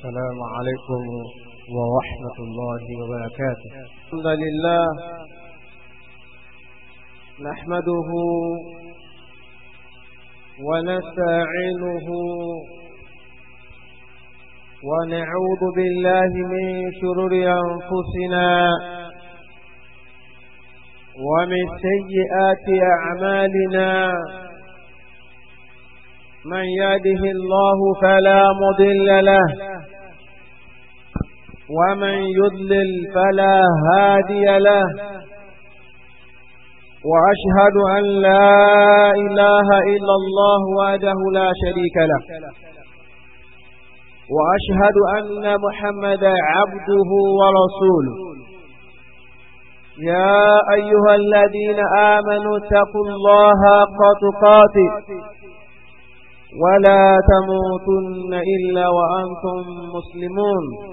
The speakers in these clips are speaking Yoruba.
السلام عليكم ورحمة الله وبركاته الحمد لله نحمده ونستعينه ونعوذ بالله من شرور أنفسنا ومن سيئات أعمالنا من يده الله فلا مضل له ومن يضلل فلا هادي له وأشهد أن لا إله إلا الله وحده لا شريك له وأشهد أن محمد عبده ورسوله يا أيها الذين آمنوا اتقوا الله قتقاته ولا تموتن إلا وأنتم مسلمون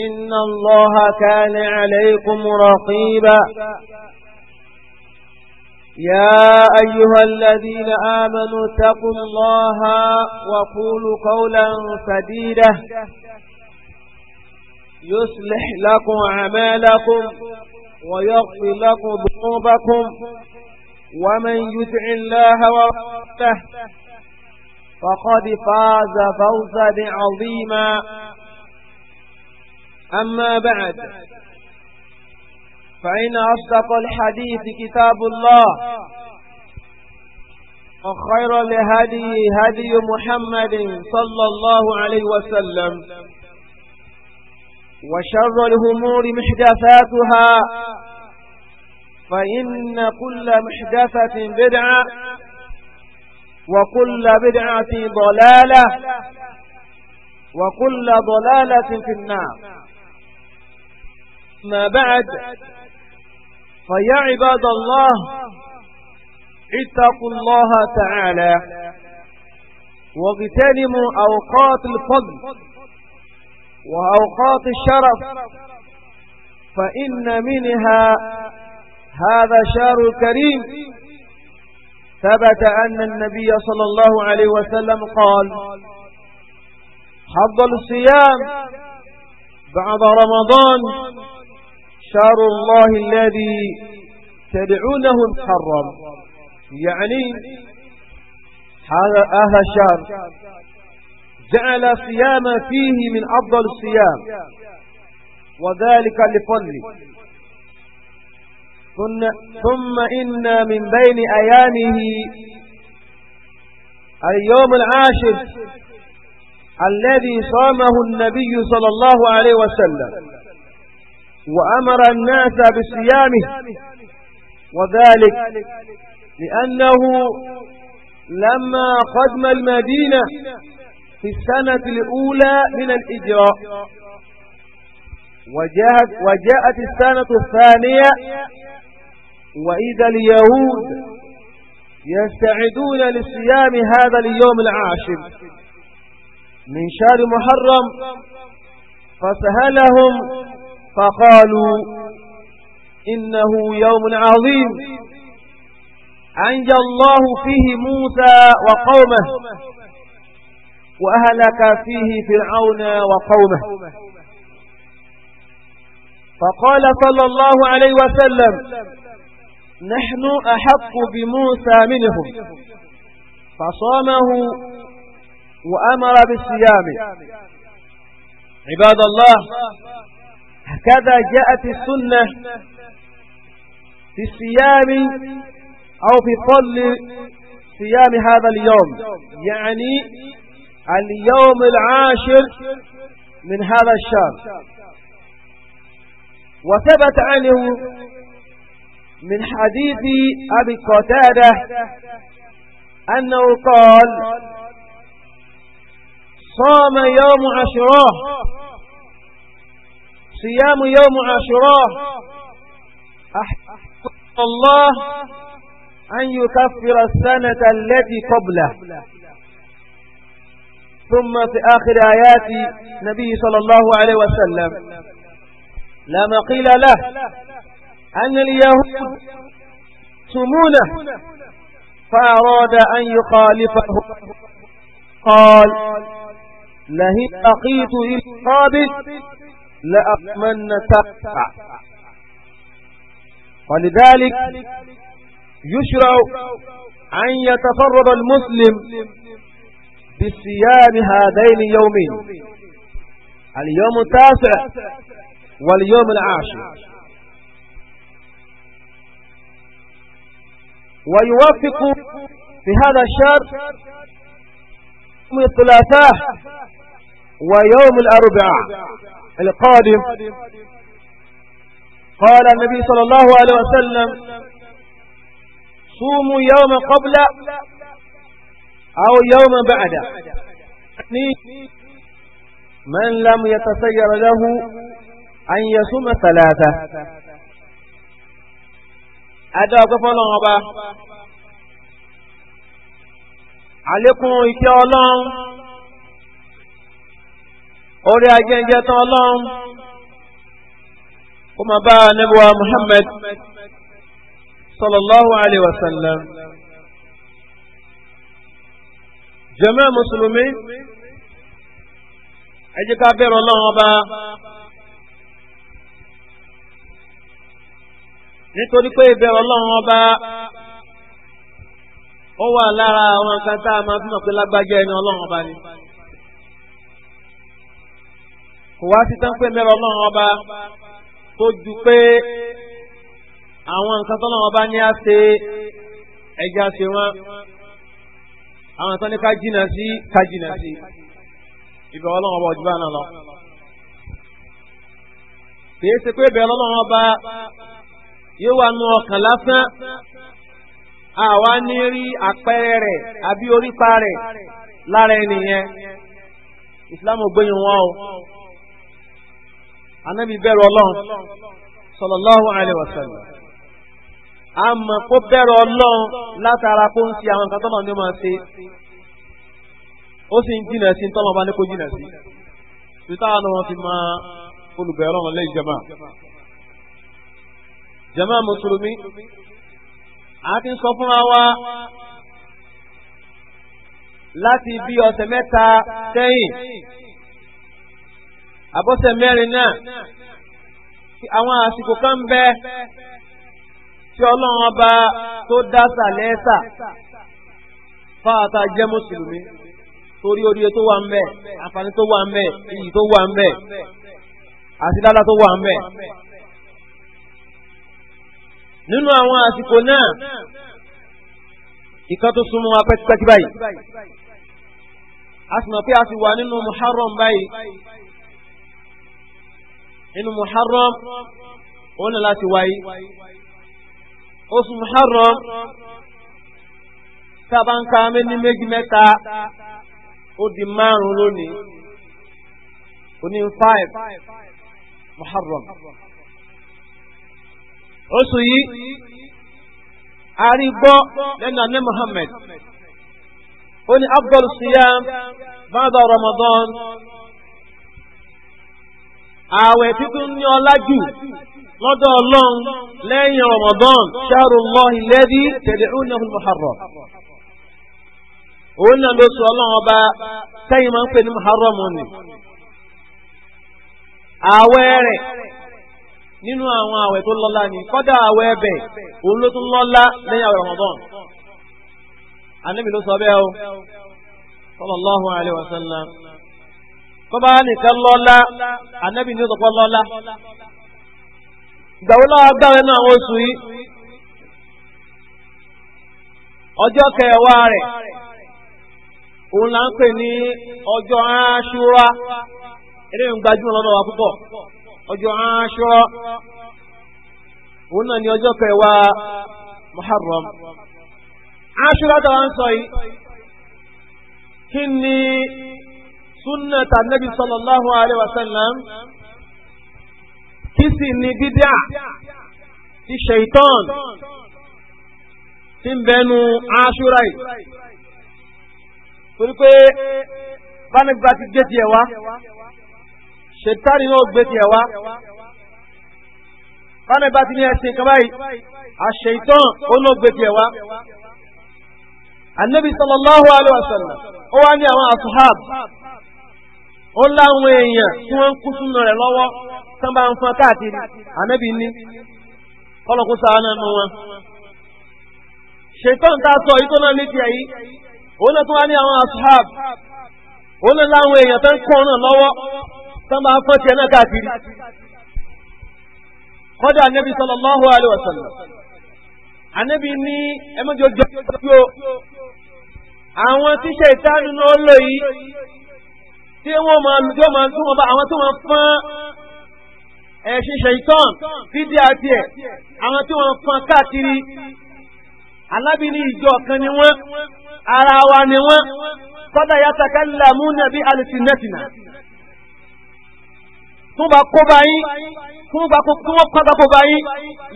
إن الله كان عليكم رقيبا يا أيها الذين آمنوا اتقوا الله وقولوا قولا سديدا يصلح لكم عمالكم ويغفر لكم ذنوبكم ومن يطع الله ورسله فقد فاز فوزا عظيما أما بعد فإن أصدق الحديث كتاب الله وخير لهدي هدي محمد صلى الله عليه وسلم وشر الهمور محدثاتها فإن كل محدثة بدعة وكل بدعة ضلالة وكل ضلالة في النار ما بعد فيا عباد الله اتقوا الله تعالى واغتنموا أوقات الفضل وأوقات الشرف فإن منها هذا شهر كريم ثبت أن النبي صلى الله عليه وسلم قال حظ الصيام بعد رمضان شهر الله الذي تدعونه محرم يعني هذا الشهر آه جعل صيام فيه من أفضل الصيام وذلك لفضله ثم إن من بين أيامه اليوم العاشر الذي صامه النبي صلى الله عليه وسلم وأمر الناس بصيامه وذلك لأنه لما قدم المدينة في السنة الأولى من الإجراء وجاءت, وجاءت السنة الثانية وإذا اليهود يستعدون لصيام هذا اليوم العاشر من شهر محرم فسهلهم فقالوا إنه يوم عظيم أنجى الله فيه موسى وقومه وأهلك فيه فرعون وقومه فقال صلى الله عليه وسلم نحن أحق بموسى منهم فصامه وأمر بالصيام عباد الله هكذا جاءت السنة في الصيام أو في طل صيام هذا اليوم يعني اليوم العاشر من هذا الشهر وثبت عنه من حديث أبي قتادة أنه قال صام يوم عشراه صيام يوم عاشوراء أحب الله أن يكفر السنة التي قبله ثم في آخر آيات نبي صلى الله عليه وسلم لما قيل له أن اليهود سمونه فأراد أن يخالفه قال لهي أقيت إلى قابل لأطمن تقطع ولذلك يشرع أن يتفرد المسلم بصيام هذين اليومين اليوم التاسع واليوم العاشر ويوافق في هذا الشهر يوم الثلاثاء ويوم الأربعاء القادم قال النبي صلى الله عليه وسلم صوموا يوم قبل أو يوم بعد من لم يتسير له أن يصوم ثلاثة ada ọgbẹ́fọ́ ọlọ́run ọba àlékún ìkẹ́ ọlọ́run orí agẹ́gẹ́ tán ọlọ́run kó máa bá anábíwá Muhammad sallallahu alayhi wa sallam jàmá mùsùlùmí ẹ jẹ́ ká bẹ̀rù ọlọ́run ọba nítorí pé ìbẹ̀rù ọlọ́run ọba ó wà lára àwọn kan tá a máa fi mọ̀ pé lágbájá ẹni ọlọ́run ọba ni. Wa wá sí tán pé mẹ́rọ ọlọ́run ọba tó ju pé àwọn nǹkan tó lọ́wọ́ bá ní á ṣe ẹja ṣe wọ́n àwọn tó ní ká jìnà sí ká jìnà sí ìbẹ̀ ọlọ́run ọba ọ̀jú bá náà lọ. kìí ṣe pé ìbẹ̀ ọlọ́run ọba yóò wà nù ọkàn lásán àwa ní rí àpẹẹrẹ rẹ̀ àbí orípa rẹ̀ lára ẹnìyẹn ìsìlámù wọn o. anabi bẹ̀rù ọlọ́run sallallahu alaihi wasallam àmọ́ kó bẹ̀rù ọlọ́run látara kó ń ṣe àwọn nǹkan tọ́nà ni ó máa ṣe ó sì ń jìnà sí tọ́nà bá ní kó jìnà sí títà ni wọ́n fi máa olùbẹ̀rù ọlọ́run lẹ́yìn jama jama mùsùlùmí àti sọ fúnra wa láti bí ọ̀sẹ̀ mẹ́ta sẹ́yìn àbọ̀sẹ̀ mẹ́rin náà àwọn àsìkò kan bẹ tí ọlọ́run ọba tó dásà lẹ́sà fáata jẹ́ mùsùlùmí torí oríire tó wà ń bẹ àǹfààní tó wà ń bẹ iyì tó wà ń bẹ àti dáadáa tó wà ń bẹ. nínú àwọn àsìkò náà ìkan tó súnmọ́ apẹ́tipẹ́ti báyìí a sì mọ̀ pé a ti wà nínú Muharram báyìí nínú muharram ó ní láti wáyé oṣù muharram sábà ń ka méjì méjì mẹ́ta ó di márùn-ún lónìí ó ní five muharram oṣù yìí a lẹ́nu àná Muhammad ó ní afdal siyam ba'da Ramadan. ààwẹ̀ títún ní ọlá jù lọ́dọ̀ ọlọ́run lẹ́yìn Ramadan shahrullahi alladhi tad'unahu al-muharram òun náà ló sọ ọlọ́run ọba sẹ́yìn máa ń pè ní ninu ni ààwẹ̀ rẹ̀ nínú àwọn ààwẹ̀ tó lọ́lá ni kọ́dà ààwẹ̀ òun ló tún lẹ́yìn bọ́bá nìkan lọ́lá ànábì ní ọ̀tọ̀pọ̀ lọ́lá ìgbàwó lọ́wọ́ náà wọ́n oṣù yìí ọjọ́ kẹwàá rẹ̀ òun là ń pè ní Ọjọ aṣúra eré ń wa aṣúra òun náà sunnata nabi sallallahu alayhi wa sallam kí sì ni bídíà ti ṣèitán ti ń bẹnu aṣúra yìí torí pé bánibà ti gbé tiẹ̀ wá ṣètánì náà gbé tiẹ̀ wá ti ní ẹsìn kan báyìí àṣèitán ó náà gbé tiẹ̀ wá. Annabi sallallahu alaihi wa sallam ó wá ní àwọn asuhab ó láwọn èèyàn tí wọ́n kú sínú rẹ̀ lọ́wọ́ tán bá ń káàkiri ní wọn. ṣètọ́n tá a sọ yìí tó náà ní tiẹ̀ yìí òun náà tún wá ní àwọn ashab òun náà láwọn èèyàn tó kọ́ náà lọ́wọ́ tán bá ń fọn tiẹ̀ náà káàkiri. kọ́dà tí wọ́n máa lùjọ́ máa tún wọn bá àwọn tó wọn fán ẹ̀ṣin ṣèyítàn fídí àti ẹ̀ àwọn tó wọn fán káàkiri alábí ní ìjọ kan ni wọ́n ara wa ni wọ́n kọ́dà yàtàkà làmú nàbí alìsínẹ́tìnà tún bá kó bá yín tún bá kó tún wọ́n padà kó bá yín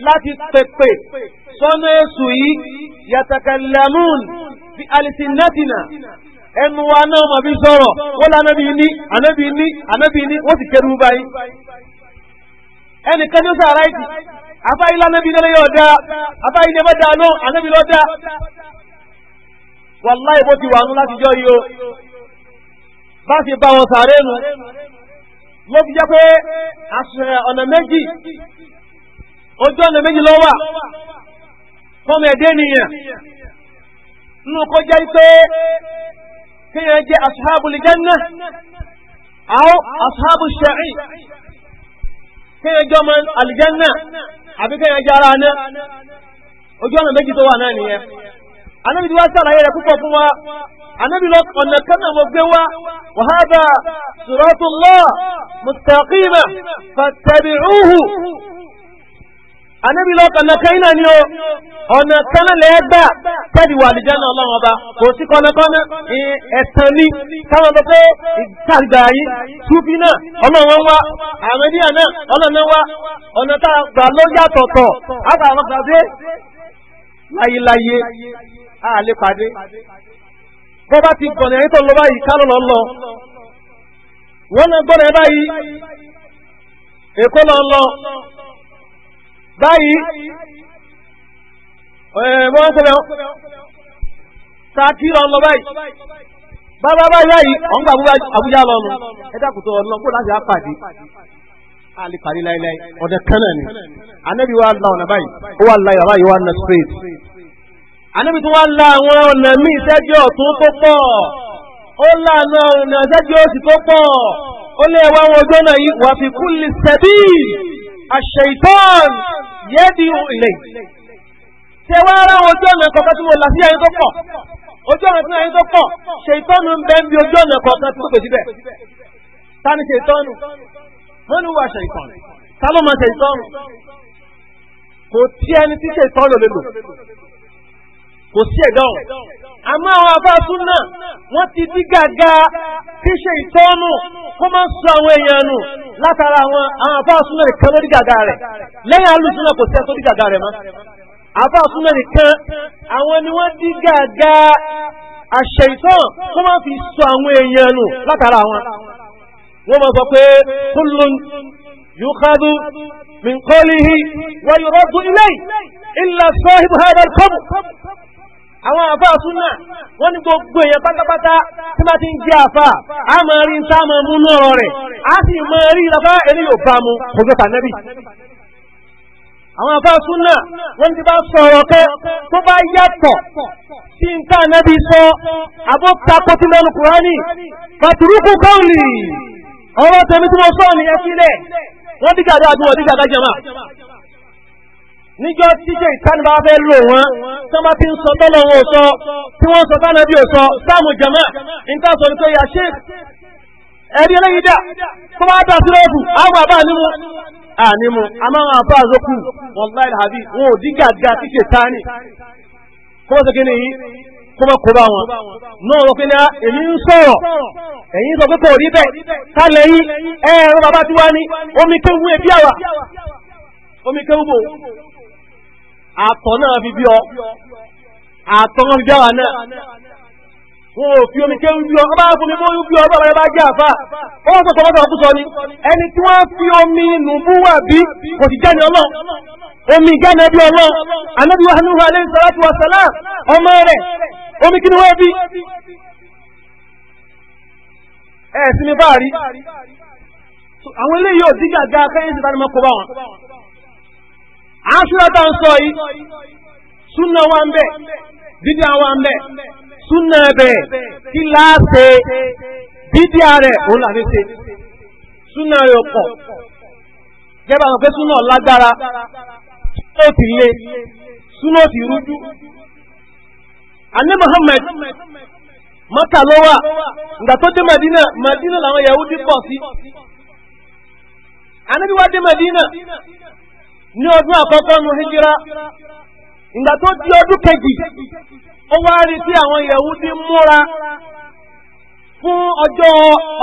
láti pèpè sọ́nà èṣù yìí yàtàkà làmú bí alìsínẹ́tìnà ẹnu wa náà mà fi sọ̀rọ̀ wọ́n lé anábì ní anábì ní anábì ní wọ́n ti kẹ́rù báyìí. ẹnìkan ní sàrà ìtì afáyí lánàbì náà yóò dáa afáyí ní ẹ bá dáa náà anábì lọ dáa. bó ti wà nù láti jọ yìí o bá ti bá wọn sàrẹ́ nu ló fi jẹ́ pé ọ̀nà méjì ojú ọ̀nà méjì ló wà كي يجي أصحاب الجنة أو أصحاب الشعير كي يجي من الجنة حبيك يا جارانا وجونا بيجي توا نانية أنا بدي أسأل هيا كوكا فوا أنا بلوك أن كنا مبدوا وهذا صراط الله مستقيمة فاتبعوه anabi lọ́kàn náà kẹ́yìn náà ni ó ọ̀nà kan lẹ́gbà tẹ́bi wà lè jẹ́nà ọlọ́run ọba kò sí kọ́nàkọ́nà ẹ̀tàn káwọn ọmọ pé ìgbàgbà yìí túbí náà ọlọ́run wá àwọn ènìyàn náà ọlọ́run wá ọ̀nà tá a gbà ló yàtọ̀tọ̀ àbàwọn gbàgbé a lè pàdé bá ti gbọ̀nà ẹ̀yìn tó lọ báyìí ká lọ báyìí wọ́n pẹ̀lẹ̀ sàkírọ̀ lọ báyìí bábá báyìí báyìí ọ̀n gbà Àbújá lọ nù ẹ̀dá kùtọ̀ ọ̀nà kó láti apàdé àlè láíláí ọ̀dẹ̀ kánà ni wa la ọ̀nà báyìí ó wà wà nà straight tó wà la àwọn ọ̀nà tó pọ̀ ó là ọ̀nà tó pọ̀ ó lé ọjọ́ náà yìí wà fi kúlì sẹ́bíì àṣeyìtọ́n yẹ́dì ilẹ̀ tẹ wá rá ojú ọ̀nà kọ̀ọ̀kan tí mo là sí ayé tó pọ̀ ojú ọ̀nà tí ayé tó pọ̀ ṣèyítọ́nù ń bẹ́ẹ̀ bí ojú ọ̀nà kọ̀ọ̀kan tí mo pè síbẹ̀ ta ni ṣèyítọ́nù wọ́n ní wà ṣèyítọ́nù ta ló mọ ṣèyítọ́nù kò tí ẹni tí ṣèyítọ́nù lè lò kò sí ẹ̀dá ọ̀hún àmọ́ àwọn afáàtún náà wọ́n ti dí gàgà kí ṣe ìtọ́nù kó máa ń sọ àwọn èèyàn nù látara àwọn afáàtún náà nìkan ló dí gàgà rẹ̀ lẹ́yìn alùsùn náà kò sí ẹ̀tọ́ dí gàgà rẹ̀ mọ́ afáàtún náà nìkan àwọn ni wọ́n dí gàgà àṣẹ ìtọ́n kó máa fi sọ àwọn èèyàn nù látara àwọn wọ́n máa sọ pé kullun yukhadhu min qawlihi wa yuraddu ilayhi illa sahib hadha al-qabr àwọn àfáà súnà wọ́n ní gbogbo èèyàn pátápátá tí bá ti ń jẹ́ àfáà a máa rí tá máa mú lọ́rọ̀ rẹ̀ a sì máa rí ìlàfá ẹni yóò bá mu kò jọ tànẹ́bì àwọn àfáà súnà wọ́n ti bá sọ̀rọ̀ kẹ́ tó bá yàtọ̀ tí ń tà nẹ́bí sọ àbótakó tí lọ́nu kùránì fàtúrúkú kọ́ọ̀lì ọ̀rọ̀ tẹ̀mí tí mo sọ ní ẹ sílẹ̀ wọ́n dìgbà dáadúrà dìgbà dájẹ́ máa níjọ́ tíjẹ́ ìkáni bá fẹ́ lò wọ́n tán bá ti ń sọ tọ́lọ̀ wọn ò sọ tí wọ́n sọ tánà bí ò sọ sáàmù jama níta sọ nípa ìyá ṣe ẹ̀rí eléyìí dà tó bá dà sí lóògùn àwọn àbá nímú ànímú àmọ́ àwọn àbá àzókù wọn láì àbí wọn ò dí gàgà tí ṣe tání kó mọ̀ sókè nìyí kó mọ̀ kó bá wọn náà wọ́n pinna èmi ń sọ̀rọ̀ ẹ̀yin sọ pé kò rí bẹ́ẹ̀ kálẹ̀ yín ẹ̀rọ bàbá tiwa ni omi omi kéwu àtọ̀ náà fi bí ọ àtọ̀ náà fi bí àwa náà wọn ò fi omi kéwú bí ọ ọba fún mi mọ́ bí ọ ọba rẹ bá jẹ́ àfà ó wọ́n sọ̀tọ̀ wọ́n sọ̀tọ̀ ni ẹni tí wọ́n fi omi nùbú wà bí kò sì jẹ́ ní ọlọ́ omi gánà bí ọlọ́ anábì wa hanú alayhi salatu wa salam ọmọ rẹ̀ omi kí ni wọ́n bí ẹ̀ sí mi báàrí àwọn eléyìí ò dígàgá akẹ́yìn sí tánimọ́ kó bá wọn a tá ń sọ yìí súnà wa ń bẹ bídíà wa ń bẹ súnà kí láàṣẹ rẹ òun làfi ṣe súnà rẹ pọ jẹba suna pé súnà lágbára súnà suna ti le súnà ò ti rújú àní Muhammad ló wà tó dé Madina Madina làwọn pọ̀ sí ní ọdún àkọ́kọ́ nù hijira ìgbà tó di ọdún kejì ó wá rí tí àwọn Yahudi múra fún ọjọ́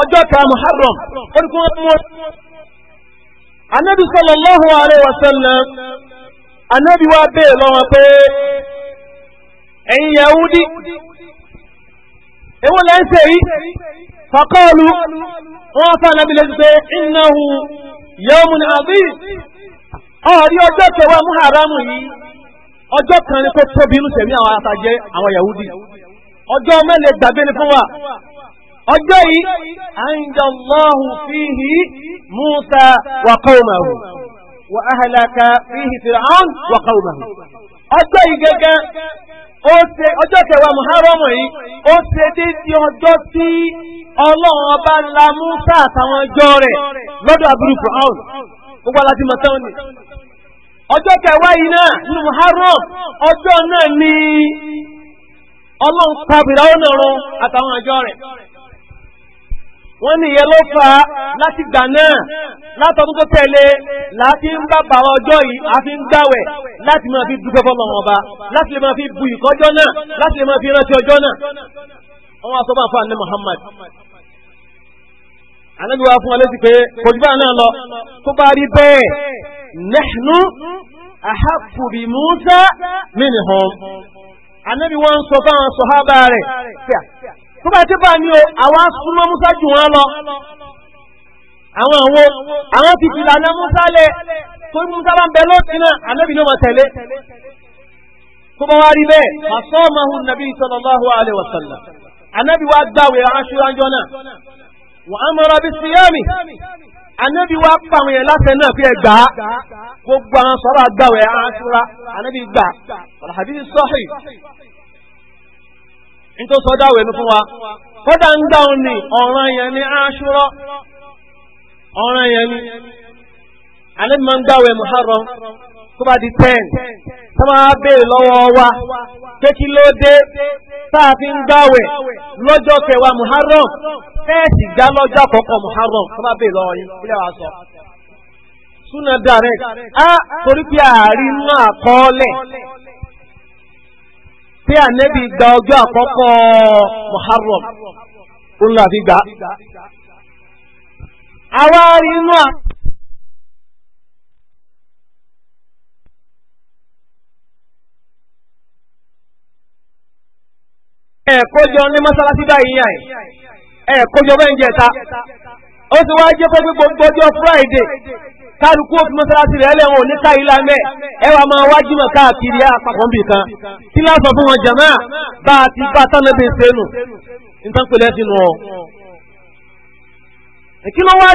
ọjọ́ ka Muharram orúkọ múra. Anabi sallallahu alaihi wasallam anabi wa bẹ́ẹ̀ lọ́wọ́ pé ẹ̀yin Yahudi èwo lẹ́ ṣe yìí fakọọlụ wọ́n fà nàbí lẹ́sí pé ọ̀rí ọjọ́ kẹwàá muharamu yìí ọjọ́ kan ni kó tóbi inú sẹ̀mí àwọn àtàjẹ́ àwọn yahudi ọjọ́ mẹ́lẹ̀ gbàgbé ni fún wa ọjọ́ yìí àìjọlọ́hùn fíhì musa wa qawmahu wa ahlaka fíhì fir'aun ọjọ́ yìí gẹ́gẹ́ ọjọ́ kẹwàá muharamu yìí ó ṣe dédé ọjọ́ tí ọlọ́run ọba ńlá musa àtàwọn rẹ̀ lọ́dọ̀ gbogbo aláti mọ̀ tán ni ọjọ́ kẹwàá yìí náà nínú Muharram ọjọ́ ni ọlọ́run pàbìrà ó nàrọ àtàwọn àjọ rẹ̀ wọ́n ní ìyẹn ló fà á láti gbà náà látọdún tó tẹ̀lé láti ń bá bàwọ̀ ọjọ́ yìí àfi ń gbàwẹ̀ fi dúpẹ́ fọlọ́ wọn fi bu náà láti lè máa fi rántí ọjọ́ náà wọ́n ànábi wa fún wa létí pé kòjúbà náà lọ tó bá rí bẹ́ẹ̀ nahnu ahaqqu bi Musa minhum ànábi wọn sọ fáwọn sọ̀hábà rẹ̀ tó bá ti bá ní o àwa súnmọ́ Musa jù wọn lọ àwọn àwo àwọn ti fìlà náà Musa lẹ tó Musa bá ń bẹ lọ́sìn náà ànábi ló máa tẹ̀lé tó bá wá rí bẹ́ẹ̀ fasamahu nàbí sallallahu alaihi wasallam ànábi wa gbàwé aṣọ wọ́n á mọ̀ra bí síyámi anabi wa pa àwọn yẹn láfẹ náà fi ẹ gbà á gbogbo àwọn sọ̀rọ̀ àgbàwẹ àṣúra anabi gbà alhadisi sọhì nítorí sọdá wẹnu fún wa kódà ń gbà òun ọ̀ràn yẹn ní àṣúrọ ọ̀ràn yẹn ni anabi máa ń gbàwẹ muharram tó bá di ten tó máa béèrè lọ́wọ́ wa pé kí ló dé táà fi ń gbàwẹ̀ lọ́jọ́ kẹwàá muharram fẹ́ẹ̀sì gbá lọ́jọ́ àkọ́kọ́ muharram tó máa béèrè lọ́wọ́ yín kílẹ̀ wàá sọ. súnà direct á torí pé ààrin náà kọ́ọ́lẹ̀ pé ànẹ́bí gba ọjọ́ àkọ́kọ́ muharram ẹ̀kọ́jọ ní mọ́sálásí báyìí yàn ẹ̀kọ́jọ bẹ́ẹ̀ ń jẹta ó wá jẹ́ gbogbo ọjọ́ Friday kálukú òfin mọ́sálásí rẹ̀ lẹ́wọ̀n ní ma mẹ́ ẹ wà máa wájú mọ̀ káàkiri àpapọ̀ kan kí lásán fún wọn jẹ̀mọ́ bá a ti bá a tán sẹ́nu nǹkan pẹ̀lẹ́ ti nù ọ́. kí ló wá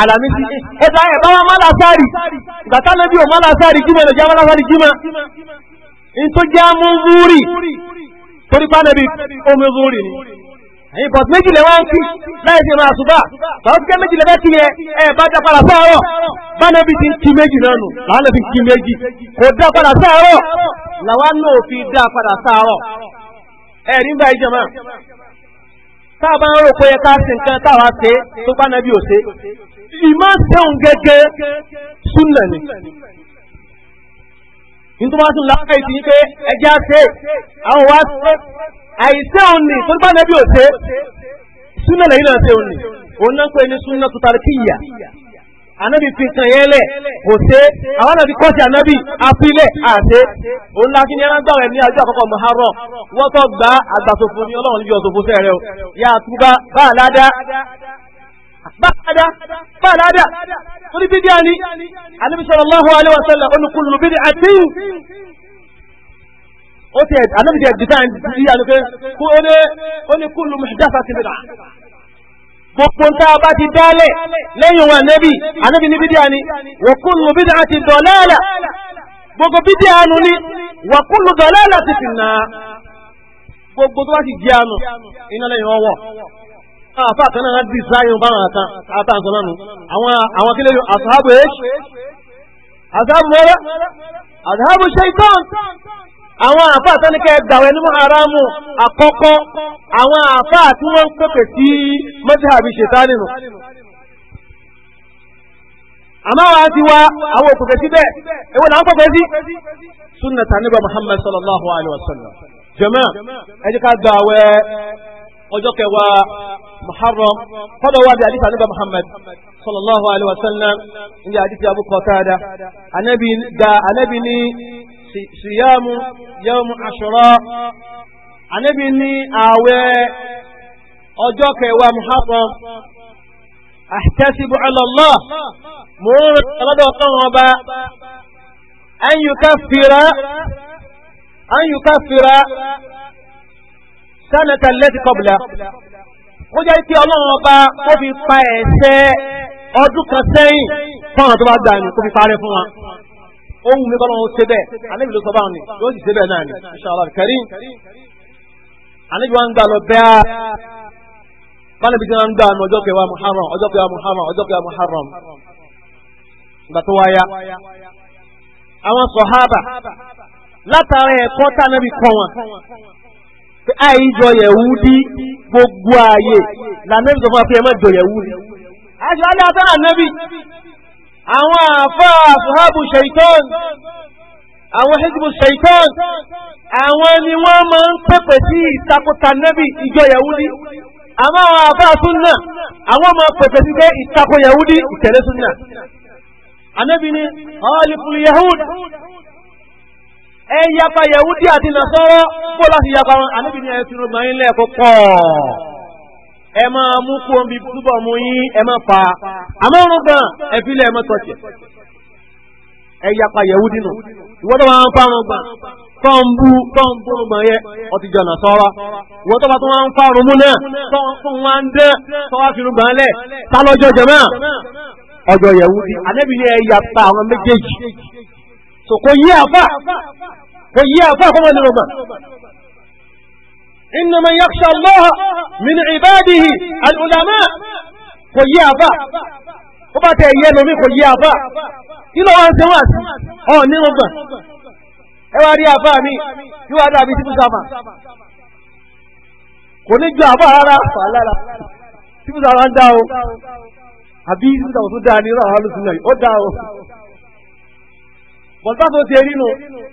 alamisi ẹta ẹ bá wọn mọ́lá sáré ìgbà táwọn bí wọn mọ́lá sáré jímọ̀ lè jẹ́ mọ́lá sáré jímọ̀ nítorí jẹ́ múzúrì torí pálẹ̀bí ó múzúrì ni ẹ̀yin bọ̀t méjì lè wọ́n ń kí láì sí ọmọ àṣùbà bọ̀t kẹ́ méjì lè fẹ́ kí yẹn ẹ bá dá padà sáárọ̀ bánẹ́bí ti ń kí méjì náà nù làwọn fi ń kí méjì kò dá padà sáárọ̀ làwọn no fi dá padà sáárọ̀ ẹ̀rí ń bá ìjọba táàbá ń rò pé ẹ ká sí nǹkan táwa ṣe tó bá nàbí ò ṣe ìmọ̀ sẹ́wọ̀n gẹ́gẹ́ súnà ni nítorí wọn tún láàkà ìsìn pé ẹjẹ́ á ṣe àwọn wá ṣe àìsẹ́ ni tó bá nàbí ò ṣe lẹ́yìn náà ṣe òun òun náà pé ní súnà tó tàrí kíyà anabi fi kan yẹn lẹ kò sé àwọn anabi kọ́sì anabi afilẹ̀ àṣẹ òun láti ní ẹran gbàwẹ̀ ní ọjọ́ àkọ́kọ́ muharram wọ́n tó gba àgbàsòfò ní ọlọ́run níbi ọ̀sòfò sẹ́rẹ̀ o yà á túbà bá a ládàá báàdá báàdá torí bí díà ní Ànábì sallallahu alaihi wa sallam olùkúlù bí díà tí ó ti ẹ̀ Ànábì ti ẹ̀ dìtà ní àlùkẹ́ ó ní kúlù muhdathatin bid'ah gbogbo ń a bá ti dálẹ̀ lẹ́yìn wọn ànábì ànábì ní bídíà ni wa kullu gbogbo bídíà ni wa kullu dalala ti fi nà gbogbo tó bá ti di na iná lẹ́yìn ọwọ́ àfa àtàn náà di sáyẹn bá wọn àtàn àtàn sọ náà àwọn àwọn kílẹ̀ yóò àwọn àfáà tó ní kẹ́ dàwẹ̀ ní haramu àkọ́kọ́ àwọn àfáà tí wọ́n ń pèpè tí mọ́tíhàbí ṣètánì nù àmọ́ wa ti wá àwọn òkùnkùn síbẹ̀ èwo là ń pèpè sí sunnata nígbà Muhammad sallallahu alayhi wa sallam jàmáà ẹ jẹ́ ká dàwẹ̀ ọjọ́ kẹwàá muharram kọ́dọ̀ wà bí àdìsá nígbà muhammad sallallahu alaihi wa sallam ní àdìsá abu qatada anabi ní siyamu yawmu ashura anabi ní ààwẹ̀ ọjọ́ kẹwàá muharram ahtasibu ala Allah mo ń rìn ọlọ́dọ̀ ọ̀tàn ọba an yukaffira an yukaffira sanata allati qabla ó jẹ́ pé ọlọ́run ọba ó fi pa ẹ̀ṣẹ̀ ọdún kan sẹ́yìn fáwọn tó bá dànù kó fi parẹ́ fún wa. ohun mi kọ́lọ́wọ́ ṣe bẹ́ẹ̀ ànábì ló sọ báwọn ni yóò sì ṣe bẹ́ẹ̀ náà ni inshallah karim ànábì wa ń gbà lọ bẹ́ẹ̀ bánabi tí ń gbà ní ọjọ́ kẹwàá muharram ọjọ́ kẹwàá muharram ọjọ́ kẹwàá muharram ìgbà tó wáyá àwọn sọ̀hábà látara ẹ̀kọ́ tá ànábì kọ́ wọn pé àìjọ yẹ̀wúdí gbogbo ààyè jọ àwọn àfá àfúhábù ṣeitán àwọn hizbu ṣeitán àwọn ni wọ́n máa ń pẹ̀pẹ̀ sí ìtakùtà nẹ́bì ìjọ yahudi àmọ́ àwọn àfá súnà àwọn máa pẹ̀pẹ̀ sí pé yahudi ìtẹ̀lé súnà anẹ́bì ni ọ̀ọ́lìkùn yahud ẹ yapa yahudi àti nasọ́rọ́ kó láti yapa wọn anẹ́bì ni ẹ fi yín lẹ́ẹ̀kọ́ ẹ máa mú kú omi túbọ̀ mú yín ẹ máa pa àmọ́ òun gan ẹ̀fílẹ̀ ẹ máa tọ̀tì ẹ yapa yẹ̀wú dínà ìwọ́n máa ń fárun gbà tó yẹ ọtí jọ̀nà sọ́ra máa ń mú náà ń dẹ́ lẹ̀ lọ́jọ́ jẹ̀mọ́ ọjọ́ inna man yakhsha Allah min ibadihi al-ulama kò yí àbá ó bá tẹ ẹ̀yẹ lómi kò yí àbá kí ló wá ń sẹ́wọ́n àti ọ̀ ní mi yóò wá dàbí títí sáfà kò ní ju àbá rárá fà lára o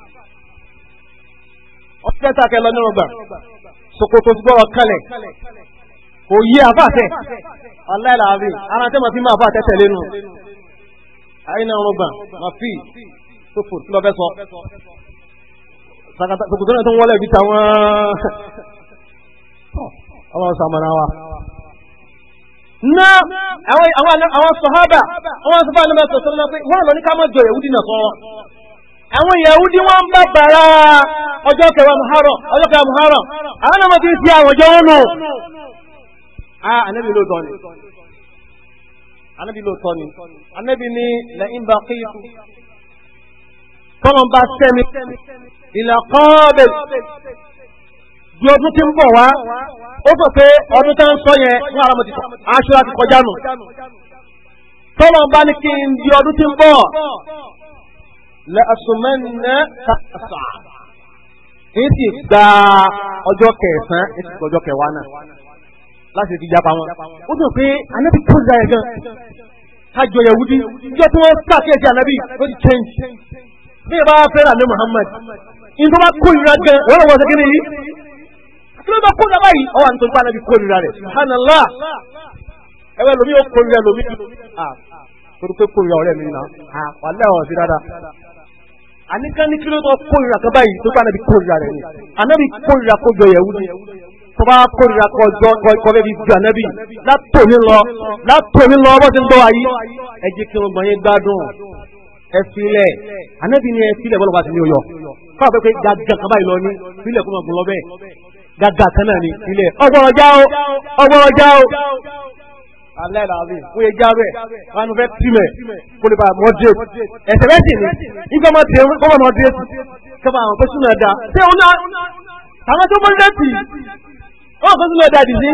ọ̀pẹ́ tá a kẹ́ lọ nínú ọgbà sokoto ti gbọ́rọ̀ kalẹ̀ kò yí àfàtẹ́ aláìláàbí ara tẹ́ màá fi máa fàtẹ́ tẹ̀lé nu àyínà ọgbà màá fi sófò tí wọ́n fẹ́ sọ sokoto náà tó ń wọlé ibi táwọn ọmọ sàmọ́nà wa na àwọn sọ̀hábà àwọn sọ̀hábà ló máa sọ̀tọ́ lọ́pẹ́ wọ́n lọ ní ká má jọ ìyẹ̀wù dínà sọ́ọ́. àwọn Yahudi wọ́n ń bá bàrá ọjọ́ kẹwàá Muharram ọjọ́ kẹwàá Muharram àwọn ọmọ tí ń fi àwọ̀jọ́ wọn nù. a anabi ló dọ̀ni anabi ló tọ́ni anabi ní lẹ́yìn bá kí ikú bá sẹ́mi ìlà di ọdún tí ń bọ̀ wá ó sọ pé ọdún tó ń sọ yẹn ní àràmọ̀ ti aṣọ kọjá lẹ́sùmẹ́nà kàṣà ń sì gba ọjọ́ kẹsàn-án ń sì gba ọjọ́ kẹwàá náà láti fi japa wọn. ó dùn pé anabi tó ẹ̀ gan kájọ yahudi níjọ́ tí wọ́n ṣàkíyèsí anabi ó ti change bí ẹ bá fẹ́ràn ní Muhammad ìdó bá kó ìrora gan wọ́n lọ́wọ́ ṣe kíni yìí kí ló bá kó ìrora báyìí ọwọ́ àti anabi kó ìrora rẹ̀ subhanallah ẹ̀wẹ̀ lomi ó kó ìrora lomi ah, torí pé kó ìrora ọ̀rẹ́ mi nà àníkán ní kí ló tó kórìíra kan báyìí tó bá nàbí kórìíra rẹ̀ ni ànábì kórìíra kójọ yẹ̀wù ni tó bá kórìíra kọjọ kọfẹ́ fi ju ànábì látòmí lọ látòmí lọ bó ti ń bọ̀ ayé ẹ jẹ́ kí wọ́n gbọ̀nyẹ́ gbádùn ẹ filẹ̀ ànábì ni ẹ filẹ̀ bọ́lọ̀ bá ti ní oyọ káwọn pẹ́pẹ́ gàgà kan báyìí lọ ní filẹ̀ kó máa gùn lọ bẹ́ẹ̀ gàgà kan náà ní filẹ̀ ọgbọ̀rọ̀ já o ọgbọ̀rọ̀ já o aláìláàbí wọ́n yẹ jáwé wọn fẹ́ tìmẹ̀ kó lè ba mọ́ dé ẹ̀sẹ̀ bẹ́ẹ̀ sì ni nígbà máa tẹ̀ kọ́ máa dé kẹfà àwọn tó súnmọ́ da ṣé òun náà àwọn tó mọ́lẹ́ tì wọ́n tó súnmọ́ ẹ̀dá dìde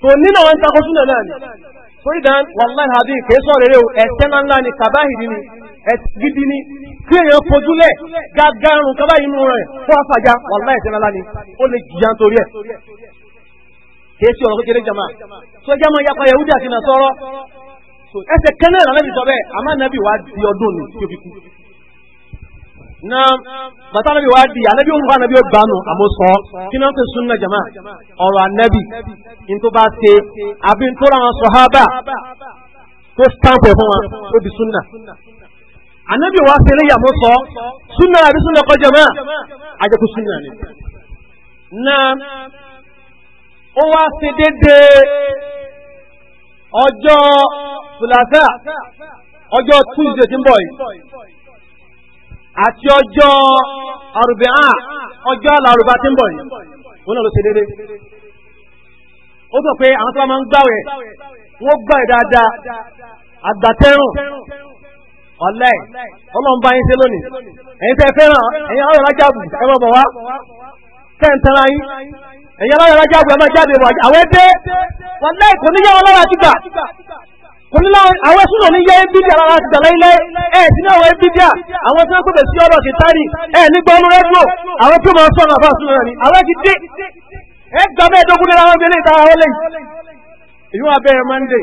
tó nínú àwọn takò súnmọ́ náà ni. sórí dan wàláì àbí kìí sọ rere o ẹ̀sẹ̀ ńláńlá ni kàbáhìrì ni ẹ̀sẹ̀ gidi ni kí èèyàn fojúlẹ̀ gágárùn kábàáyé nù rẹ̀ fún àfàjà wàláì ẹ̀sẹ̀ ńláńlá ni ó lè jìyà nítorí ẹ̀. kìí ṣe ọ̀rọ̀ kékeré jama sọjá máa yapa yahudi àti nasọrọ ẹsẹ̀ kẹ́nẹ́ lànàbì sọ bẹ́ẹ̀ àmọ́ nàbì wàá di ọdún ni tí o fi kú. na bàtà nàbì wàá di ànàbì òun fún ànàbì òbánu àmọ́ sọ kí náà ń pè jama ọ̀rọ̀ ànàbì ntó bá àbí tó stamp fún wa di sunna. sọ sunna àbí sunna kọ jama àjẹkù sunna ni. ó wá ṣe dédé ọjọ́ tùlàṣà ọjọ́ tuesday tí ń bọ̀ yìí àti ọjọ́ àrùbíà ọjọ́ àlàrùbá tí ń bọ̀ yìí wọn náà ló ṣe dédé ó sọ pé àwọn tó bá máa ń gbàwẹ̀ wọ́n gbàwẹ̀ dáadáa àgbàtẹ́rùn ọ̀lẹ́ ọlọ́run yín ṣe lónìí ẹ̀yin tẹ́ fẹ́ràn ẹ̀yin bọ̀ wá yín ẹ̀yìn aláwọ̀ ẹ̀rọ jáde ọmọ jáde ọmọ àwọn ẹdẹ wọn láì kò níyàwó lọ́wọ́ àti gbà kò ní láwọn àwọn ẹ̀sùn náà ní yẹ bídí ara láti gbà láìlẹ́ ẹ̀ sí náà wọ́n bídí à àwọn tí wọ́n kọ́bẹ̀ sí ọ̀rọ̀ kìtárì ẹ̀ nígbà ọmọ rẹ́díò àwọn tí ó sọ̀rọ̀ àbá sùn náà ni àwọn ti dé ẹ gbà mẹ́ẹ̀ẹ́dógún ní àwọn ọmọbìnrin ìtara wọlé èyí wọn abẹ́rẹ́ Monday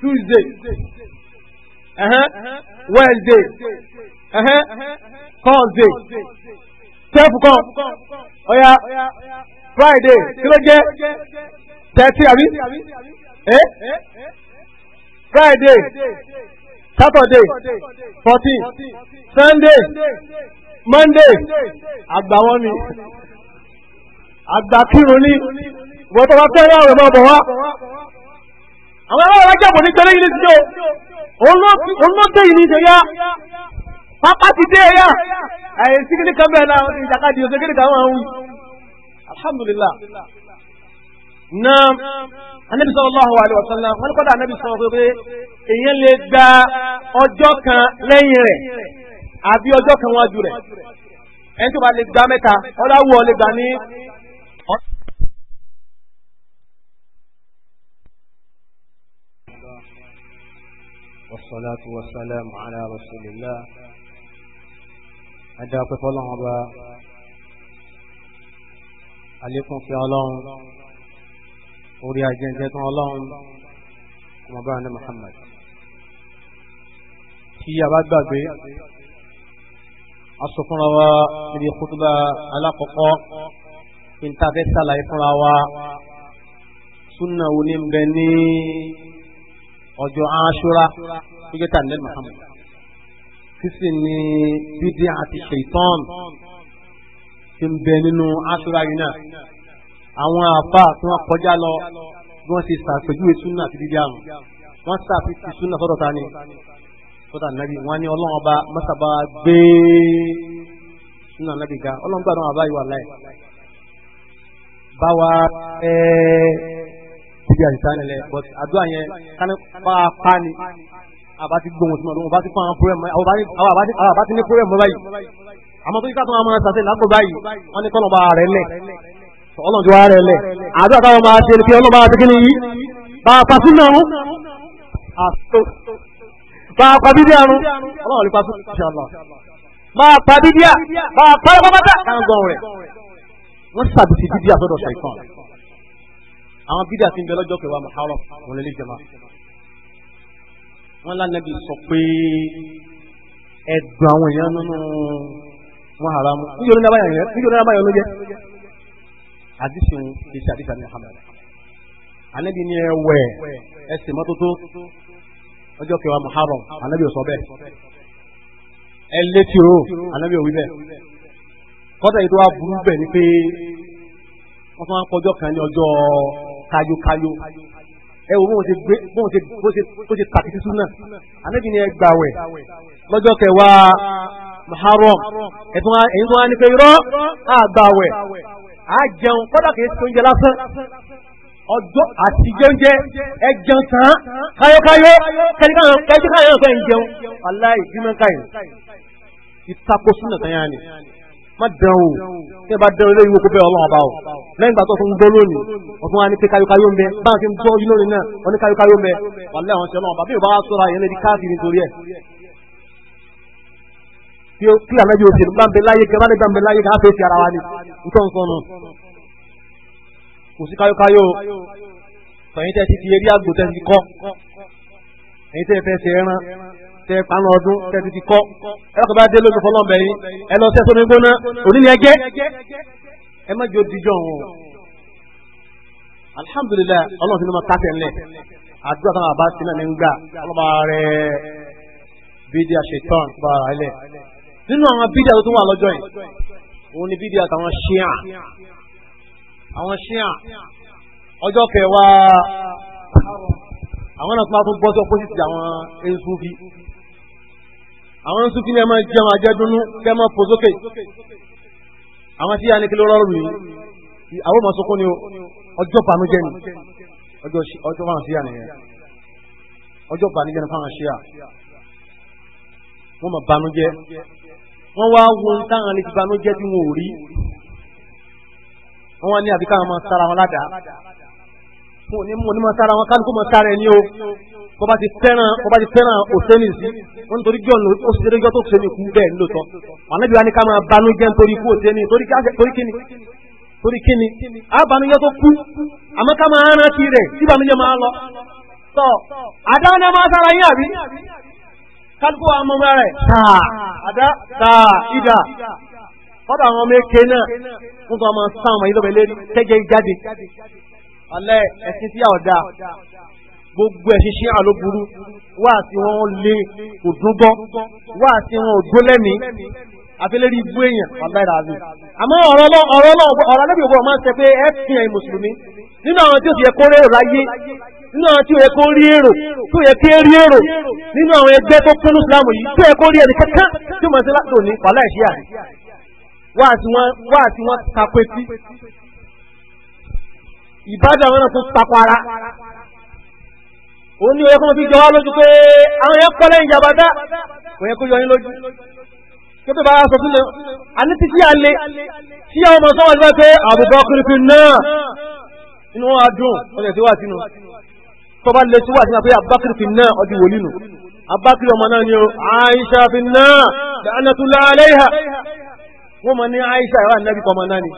Tuesday Wednesday Thursday twelve kan Oya, friday kí ló thirty Abi, eh friday saturday fourteen sunday monday àgbà wọn ni àgbà kírun ní bọ́tọ̀ bá fẹ́ yàwó ẹ̀mọ́ bọ̀ wá. àwọn ará ìrajà kò ní tẹ́lẹ̀ yìí ní ti jọ òun ló ní ìjọ yá pápá ti dé ẹ̀yà ẹ̀yìn tí kìnnìkan bẹ́ẹ̀ náà ìjàkadì òsè kìnnìkan wọn wù alhamdulillah na anabi sallallahu alaihi wa sallam wọn kọ́dà anabi sọ pé èèyàn lè gba ọjọ́ kan lẹ́yìn rẹ̀ àbí ọjọ́ kan wájú rẹ̀ ẹni tó bá lè gba mẹ́ta ọ̀dà wù ọ́ lè gbà ní. والصلاة والسلام على رسول الله adé apẹ́fẹ́ ọlọ́run ọba àlékún fẹ́ ọlọ́run orí ajẹ́jẹ́ tán ọlọ́run ọmọba ní Muhammad tí a bá gbàgbé aṣọ fúnra wa níbi kútúbà alákọ̀ọ́kọ́ kí n ta fẹ́ sàlàyé fúnra wa súnà wo ní bẹ ní ọjọ́ aṣúra tó jẹ́ tàbí Muhammad. sísì ní bídí àti ṣèitán ti ń bẹ nínú aṣọra yìí náà àwọn àbá tí wọ́n kọjá lọ bí wọ́n ti ṣàpèjúwe súnà àti bídí àrùn wọ́n súnà ta ni sọ́dọ̀ ànábì ọba mọ́sàbá gbé súnà ànábì ga ọlọ́run gbàdúrà yìí wà báwa ẹ àti but àdúrà yẹn kánípa pa ni. àbá ti gbóhùn sí ọlọ́run bá ti fún àwọn púrẹ́mù àwọn àbá ti ní púrẹ́mù báyìí àmọ́ tó yíká tó máa máa sàṣẹ lágbo báyìí wọ́n ní kọ́nà bá rẹ̀ lẹ̀ ọlọ́run ti wá rẹ̀ lẹ̀ àdúrà táwọn máa ṣe pé ọlọ́run bá ti kí ni yìí bá a pàṣẹ náà wọn bá a pa bíbí àrùn ọlọ́run lè pa fún ìṣàlọ́ bá a pa bíbí bá a pa pápátá káńgọ̀n rẹ̀ wọ́n ṣàbùsì bíbí àtọ́dọ̀ ṣàìfọ̀n àwọn bíbí àti ìbẹ̀lọ́jọ́ kẹwàá mọ̀hárọ̀ wọ́n lánàbí sọ pé ẹ̀dùn àwọn èèyàn nínú wọn hàrá mu níjọ́ ní abáyọ̀ ló jẹ́ àdìsí òun kì í ṣe àdìsí àdìsí Muhammad ànábì ní ẹwẹ́ ẹsẹ̀ mọ́tótó ọjọ́ kẹwàá Muharram ànábì ò sọ bẹ́ẹ̀ ẹ létí o ànábì ò wí bẹ́ẹ̀ kọ́tà yìí tó wá burú bẹ́ẹ̀ ni pé wọ́n tún wá kọjọ́ kan ní ọjọ́ káyókáyó ẹ wo bóun ṣe gbé bóun ṣe bó ṣe tàkìtì súnà ànábì ni ẹ gbàwẹ̀ lọ́jọ́ kẹwàá muharram ẹ̀tún ẹ̀yin tó wá ní pé irọ́ àgbàwẹ̀ á jẹun kọ́dà kìí tó ń jẹ lásán ọjọ́ àti jẹ́ńjẹ́ ẹ̀jẹun tán káyọ́káyọ́ kẹ́jíkáyọ̀ fẹ́ ń jẹun aláì bímọ káyọ̀ ìtakò súnà ni má dán o tí ẹ bá dán olóyìn wọ́n kó bẹ́ẹ̀ ọlọ́run ọba o lẹ́yìn ìgbà tó tún gbọ́ lónìí ọ̀tún wa ní pé káyọkáyọ ń bẹ bá ń fi ń gbọ́ yín lónìí náà wọ́n ní káyọkáyọ ń bẹ wàlẹ́ àwọn ti ọlọ́run ọba bí ìbá wa sọ́ra yẹn lè di káàkiri nítorí ẹ̀. kí ànábi òsè gbàǹbẹ láyé kí abáde gbàǹbẹ láyé kí á fèsì ara wa ni nǹkan nǹkan nù. kò sí káyọkáyọ tọ̀yìn tẹ́ ti fi eré àgbò tẹ́ ti kọ́ ẹ̀yin tẹ́ tẹ panu ọdún tẹ ti ti kọ́ ẹ lọ́kọ̀ bá dé lómi fọlọ́ mẹ́rin ẹ lọ sẹ́sọ́ mi gbóná òní ni ẹ jẹ́ ẹ má jò dijọ́ wọn. alhamdulilayi ọlọ́run ti ní ma kásẹ̀ ńlẹ̀ àdúrà táwọn àbá ti náà ní ń gbà ọlọ́ba rẹ̀ bídí àṣetán bá ara nínú àwọn bídí àtúntò wà lọ́jọ́ yìí òun ni bídí àtàwọn ṣíà àwọn ṣíà ọjọ́ kẹwàá àwọn náà tún bá tún bọ́ sí ọpọ́sìtì àwọn ezufi àwọn sufi ní máa jẹun àjẹdúnú kẹ máa fò sókè àwọn tí yanni kìlọ̀ rọrùn yìí àwọn ọmọ sọkún ni o ọjọ́ bànújẹ́ ni ọjọ́ fáwọn sí yanni yẹn ọjọ́ bànújẹ́ ni fáwọn ṣíà wọ́n máa bànújẹ́ wọ́n wá wo ń táwọn lè ti bànújẹ́ bí wọn ò rí wọ́n wá ní àbíká wọn máa sára wọn ládàá wọn ò ní máa sára wọn kálukú máa sára ẹni o bó bá ti fẹ́ràn bó bá ti fẹ́ràn òsèmì sí wọn nítorí john ó ṣe déjọ́ tó sèmi kú bẹ́ẹ̀ lóòótọ́ ànábì wa ni ká máa banú jẹ́ nítorí ikú òsèmì torí kíni torí kíni àbànújẹ́ tó kú àmọ́ ká máa rántí rẹ̀ tí ìbànújẹ́ máa lọ. tọ́ àdáwọn náà máa sára yín àbí kálukú àwọn ọmọ rẹ̀ tàà àdá tàà ìdá fọ́dọ̀ àwọn ọmọ èké náà fún tó ọmọ sáwọn ọmọ yìí lọ́bẹ̀ẹ́lẹ́ gbogbo ẹ̀sìn ṣíà ló burú wá sí wọn lé òdúgbọ́ wá sí wọn òdólẹ́mí àfẹ́lẹ́rí ibú èèyàn ọ̀láìra àbí. àmọ́ ọ̀rọ̀ ọlọ́bì òbọ̀ máa ń sẹ pé ẹ fi hàn mùsùlùmí nínú àwọn tí ó sì yẹ kó rí èrò láyé nínú àwọn tí ó yẹ kó rí èrò tó yẹ kí rí èrò nínú àwọn ẹgbẹ́ tó pín lùsùlámù yìí tó yẹ kó rí ẹni kankan tí ó máa ṣe látò ní pàlá àrí. wá àti wọn tako etí ìbádàn wọn náà tún tako ó ní ọ̀yẹ́ kọ́mọ fi jọ wá lójú pé àwọn yẹn kọ́ lẹ́yìn jàbátá kò yẹ kó yọ yín lójú kí pé bàbá sọ fún mi àní ti tí a le tí àwọn ọmọ sọ́wọ́n ti bá pé àbùbá kúrúfin náà inú wọn á dùn ọ̀nà ìṣèwà sínú tọ́ba lè ṣíwà sínú pé àbákìrì fi náà ọdún wòlí nù àbákìrì ọmọ náà ni ó Aisha fi náà la'natullah alayha wọ́n mọ̀ ní Aisha ìwà nẹ́bí kọmọ náà ni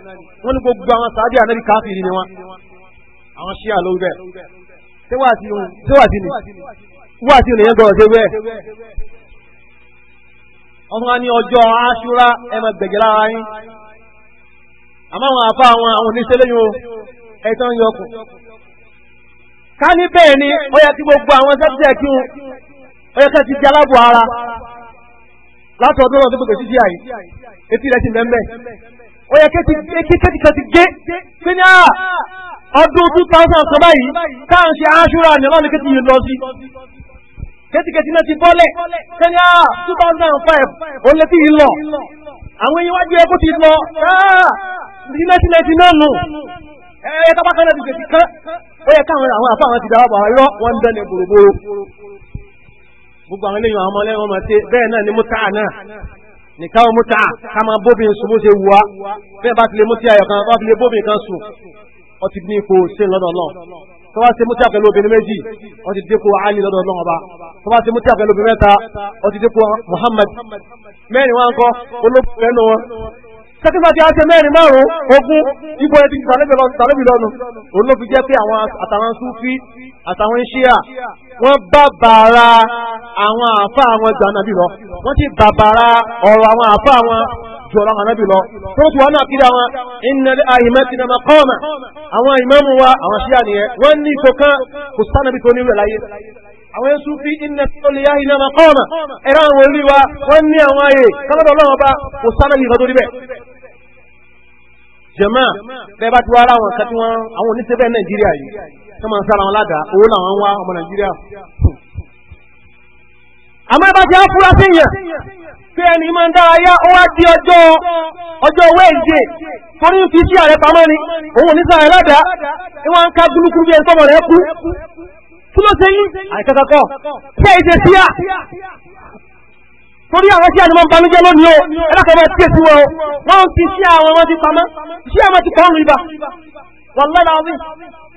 wọ́n ní gbogbo àwọn sáájú ànẹ́bí káfíìrì ni wọ́n àwọn ṣíà lórí bẹ́ẹ̀ ṣé wà á sí ni wà á sí ni yẹn gbọ́dọ̀ ṣe wẹ́ẹ̀ ọmọ ní ọjọ́ aṣúra ẹmọ gbẹ̀gẹ̀rẹ̀ ara yín àmọ́ àwọn àfa àwọn àwọn oníṣẹ́ lẹ́yìn o ẹ̀tọ́ ń yọkùn ká ní bẹ́ẹ̀ ni ó yẹ kí gbogbo àwọn sẹ́tẹ̀ kí ó yẹ kí ti alábò ara látọ̀dún náà tó gbogbo sí díà etí rẹ̀ ti mẹ́mẹ́ ó yẹ kí ti gé pé ní àà ah, ọdún 2000 kan báyìí táà ń ṣe aṣúra ní ọlọ́run kẹ́tì yìí lọ sí kẹ́tìkẹ́tì náà ti bọ́lẹ̀ sẹ́ni à 2005 òun létí yìí lọ àwọn èèyàn wájú ẹkú ti lọ káà ah, ní 1990 náà nù ẹ̀ẹ́ tọ́pá kan náà ti tètè kán ó yẹ káwọn àwọn àfa àwọn ti dáwọ́ bọ̀ irọ́ wọn ń dẹ́nu gbòrògbòrò gbogbo àwọn eléyìn àwọn ọmọlẹ́yìn ọmọ ṣe bẹ́ẹ̀ náà ni mútà náà nìkan mútà ká máa bóbin sùn bó ṣe wù wá bẹ́ẹ̀ bá ti lè wọ́n ti ní ipò ṣe lọ́dọ̀ ọlọ́run tó bá ṣe mútíà pẹ̀lú obìnrin méjì wọ́n ti dínkù ali lọ́dọ̀ ọlọ́run ọba tó bá ṣe mútíà pẹ̀lú obìnrin mẹ́ta wọ́n ti dínkù muhammad mẹ́rin wá ń kọ́ olóògbé ẹnu wọn sẹ́kífàtì àṣẹ mẹ́rin márùn-ún ogún ibo ẹ ti sàlẹ́bì lọ́nu òun ló fi jẹ́ pé àwọn àtàwọn súfí àtàwọn ṣíà wọ́n bàbàrà àwọn àáfà àwọn jàǹdàbí lọ wọ́n ti bàbàrà ọ̀rọ̀ àwọn àáfà àwọn ju ọlọ́run anábì lọ tó ti wà náà kí dáwọn iná àìmọ́ ti nà máa kọ́ọ̀mà àwọn ìmámù wa àwọn ṣíà nìyẹn wọ́n ní ìtòkán kò sánàbì tó nílò láyé àwọn yẹn tún fi iná tó lè yá iná máa kọ́ọ̀mà ẹ̀rọ àwọn orí wa wọ́n ní àwọn ààyè kálọ́dọ̀ ọlọ́run ọba kò sánàbì kan tó níbẹ̀ jẹ̀mọ́ bẹ́ẹ̀ bá ti wá ara àwọn kan tí àwọn oníṣẹ́ bẹ́ẹ̀ nàìjíríà yìí tó máa ń sára wọn ládàá owó làwọn wá ọmọ nàìjíríà àmọ́ ẹ pé ẹni máa ń dára yá ó wá di ọjọ́ ọjọ́ wẹ́ẹ̀dẹ̀ torí ń fi sí ààrẹ pamọ́ ni òun ní sàárẹ̀ lọ́dà ìwọ̀n ń ká bí ẹni tọ́mọ̀ rẹ̀ kú kí ló ṣe yín àìkẹ́kọ̀ọ́ torí àwọn tí a ní máa ń banújẹ́ lónìí o ẹlẹ́kọ̀ọ́ máa tiẹ̀ sí wọn o wọ́n ń sí àwọn ọmọ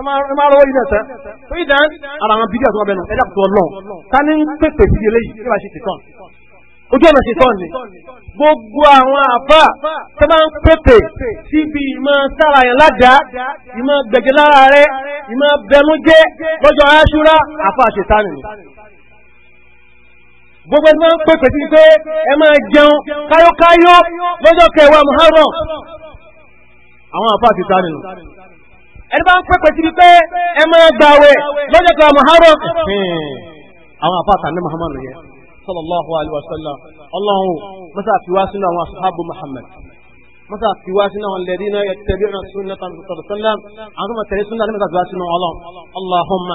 ma lọ́wọ́ yìí nẹ̀sẹ̀ tó yìí dán ara àwọn bídíà tó wà bẹ̀rẹ̀ ẹ̀dá tó lọ ká ní pèpè sí eléyìí kí wàá ṣe ṣètọ́n ojú ọ̀nà ṣètọ́n ni gbogbo àwọn àfà tó máa ń pèpè síbi ìmọ̀ sára yẹn ládàá ìmọ̀ gbẹ̀gẹ̀ lára rẹ ìmọ̀ bẹnújẹ́ lọ́jọ́ aṣúra àfà ṣètánì ni gbogbo ẹni máa ń pèpè sí pé ẹ máa jẹun káyọ́káyọ́ lọ́jọ́ kẹwàá Muharram àwọn àfà ṣètánì ni ẹni bá ń pẹ́pẹ́ sí wípé ẹ máa gbàwẹ̀ lọ́jọ́ kan Muharram àwọn àpáta ní Muhammadu yẹ sallallahu alaihi wasallam Ọlọ́run mọ́sá fi wá sínú àwọn ashabu Muhammad mọ́sá fi wá sínú àwọn alladhina yattabi'una sunnata sallam àwọn tó mọ̀ tẹ̀lé súnà ní mọ́sá fi wá sínú Ọlọ́run Allahumma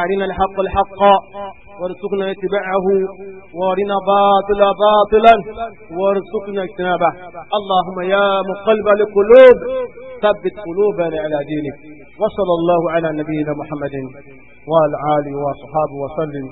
arina al-haqqa al وارزقنا اتباعه وارنا باطلا باطلا وارزقنا اجتنابه اللهم يا مقلب القلوب ثبت قلوبنا على دينك وصلى الله على نبينا محمد وعلى آله وصحبه وسلم